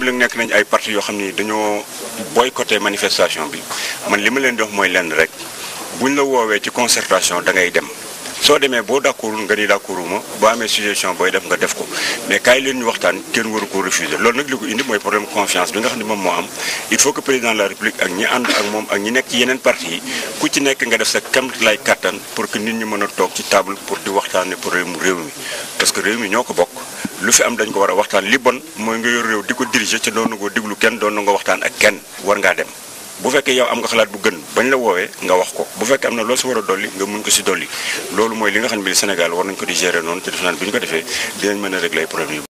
lu nekk nañ ay parti yoo xam ni dañoo boycotté manifestation bi man li ma leen dox mooy lend rek buñ la woowee ci concertation da ngay dem soo demee boo d'accordul nga ni d'accorduma boo amee suggestion booy def nga def ko mais kaay leen ñu waxtaan kenn waru ko refuser loolu nag li ko indi mooy problème confiance bi nga xam ne moom moo am il faut que président de la république ak ñi ànd ak moom ak ñi nekk yeneen parti yi ku ci nekk nga def sa kam lay kàttan pour que nit ñi mën a toog ci table pour di waxtaanee problème réew mi que réew mi ñoo ko bokk lu fi am dañ ko war a waxtaan li bon mooy nga yor réew di ko diriger ca doon na ko déglu kenn doon na nga waxtaan ak kenn war ngaa dem. bu fekkee yow am nga xalaat bu gën bañ la woowee nga wax ko bu fekkee am na loolu si war a dolli nga mun ko si dolli loolu mooy li nga xam ne Sénégal war nañ ko di gérer noonu te def bu ñu ko defee dinañ mën a régler problème yi.